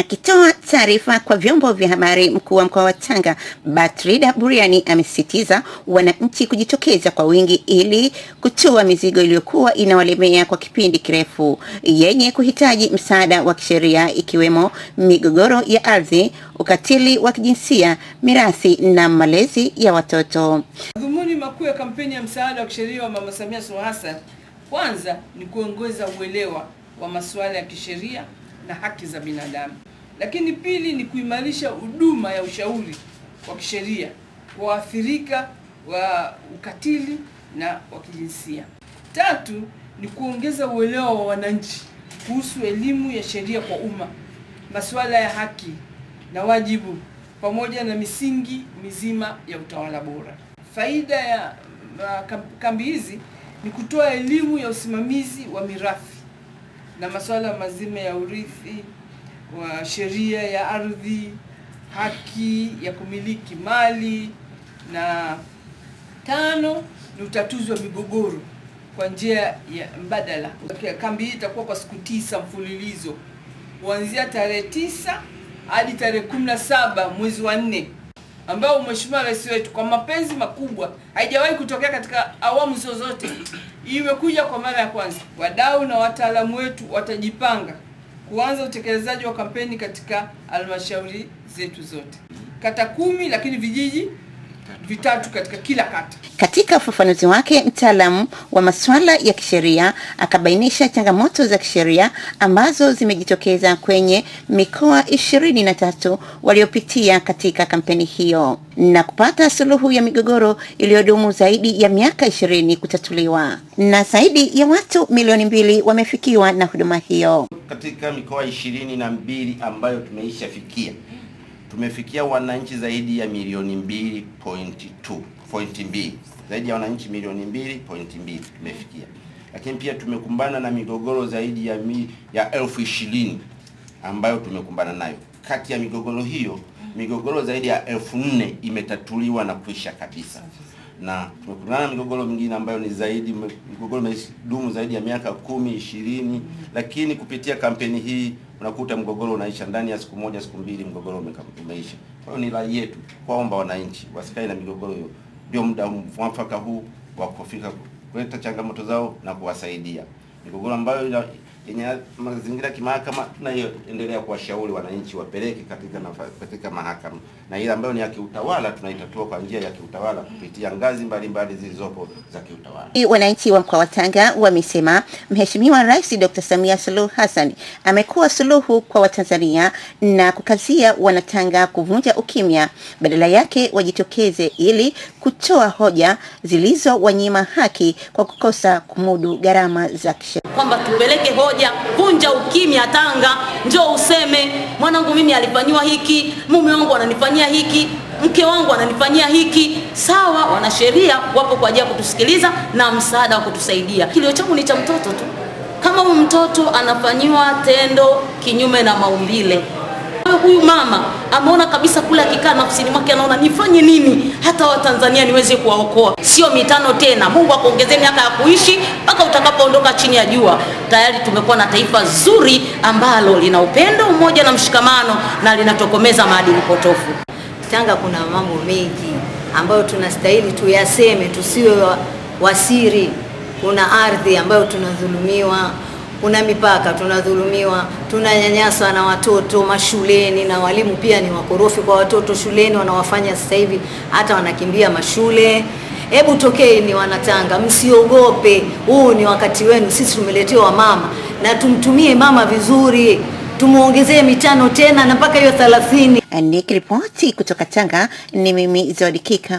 Akitoa taarifa kwa vyombo vya habari, mkuu wa mkoa wa Tanga Batrida Buriani amesisitiza wananchi kujitokeza kwa wingi ili kutoa mizigo iliyokuwa inawalemea kwa kipindi kirefu yenye kuhitaji msaada wa kisheria ikiwemo migogoro ya ardhi, ukatili wa kijinsia, mirathi na malezi ya watoto. Madhumuni makuu ya kampeni ya msaada wa kisheria wa Mama Samia Suluhu Hassan kwanza ni kuongeza uelewa wa masuala ya kisheria na haki za binadamu. Lakini pili ni kuimarisha huduma ya ushauri wa kisheria kwa waathirika wa ukatili na wa kijinsia. Tatu ni kuongeza uelewa wa wananchi kuhusu elimu ya sheria kwa umma, masuala ya haki na wajibu, pamoja na misingi mizima ya utawala bora. Faida ya kambi hizi ni kutoa elimu ya usimamizi wa mirathi na masuala mazima ya urithi wa sheria ya ardhi, haki ya kumiliki mali, na tano ni utatuzi wa migogoro kwa njia ya mbadala. Kambi hii itakuwa kwa siku tisa mfululizo kuanzia tarehe tisa hadi tarehe kumi na saba mwezi wa nne ambao mheshimiwa rais wetu kwa mapenzi makubwa, haijawahi kutokea katika awamu zozote, imekuja kwa mara ya kwanza. Wadau na wataalamu wetu watajipanga kuanza utekelezaji wa kampeni katika halmashauri zetu zote, kata kumi, lakini vijiji vitatu katika kila kata. Katika ufafanuzi wake, mtaalamu wa masuala ya kisheria akabainisha changamoto za kisheria ambazo zimejitokeza kwenye mikoa ishirini na tatu waliopitia katika kampeni hiyo na kupata suluhu ya migogoro iliyodumu zaidi ya miaka ishirini kutatuliwa, na zaidi ya watu milioni mbili wamefikiwa na huduma hiyo katika mikoa ishirini na mbili ambayo tumeishafikia tumefikia wananchi zaidi ya milioni 2.2 zaidi ya wananchi milioni 2.2 tumefikia, lakini pia tumekumbana na migogoro zaidi ya, mi, ya elfu ishirini ambayo tumekumbana nayo. Kati ya migogoro hiyo migogoro zaidi ya elfu nne imetatuliwa na kuisha kabisa na tumekutana na migogoro mingine ambayo ni zaidi migogoro imedumu zaidi ya miaka kumi ishirini, lakini kupitia kampeni hii unakuta mgogoro unaisha ndani ya siku moja siku mbili, mgogoro umeisha. Kwa hiyo ni rai yetu kwaomba wananchi wasikae na migogoro hiyo, ndio muda mwafaka huu wa kufika kuleta changamoto zao na kuwasaidia migogoro ambayo yenye mazingira kimahakama, tunaendelea kuwashauri wananchi wapeleke katika na, katika mahakama na ile ambayo ni ya kiutawala tunaitatua kwa njia ya kiutawala kupitia ngazi mbalimbali zilizopo za kiutawala. Wananchi wa mkoa wa Tanga wamesema Mheshimiwa Rais Dr. Samia Suluhu Hassan amekuwa suluhu kwa Watanzania na kukazia Wanatanga kuvunja ukimya, badala yake wajitokeze ili kutoa hoja zilizowanyima haki kwa kukosa kumudu gharama za kisheria kwamba tupeleke hoja, vunja ukimya Tanga, njoo useme, mwanangu mimi alifanyiwa hiki, mume wangu ananifanyia hiki mke wangu ananifanyia hiki. Sawa, wanasheria wapo kwa ajili ya kutusikiliza na msaada wa kutusaidia. Kilio changu ni cha mtoto tu. Kama huyu mtoto anafanyiwa tendo kinyume na maumbile, huyu mama ameona kabisa kule, akikaa nafsini mwake anaona nifanye nini hata Watanzania niweze kuwaokoa. Sio mitano tena, Mungu akuongezee miaka ya kuishi mpaka utakapoondoka chini ya jua. Tayari tumekuwa na taifa zuri ambalo lina upendo, umoja na mshikamano na linatokomeza maadili potofu. Tanga kuna mambo mengi ambayo tunastahili tuyaseme, tusiwe wasiri. Kuna ardhi ambayo tunadhulumiwa kuna mipaka, tunadhulumiwa, tunanyanyaswa na watoto mashuleni, na walimu pia ni wakorofi kwa watoto shuleni, wanawafanya sasa hivi hata wanakimbia mashule. Hebu tokeni Wanatanga, msiogope, huu ni wakati wenu. Sisi tumeletewa mama, na tumtumie mama vizuri, tumuongezee mitano tena na mpaka hiyo thelathini. Nikiripoti kutoka Tanga ni mimi Zawadi Kika.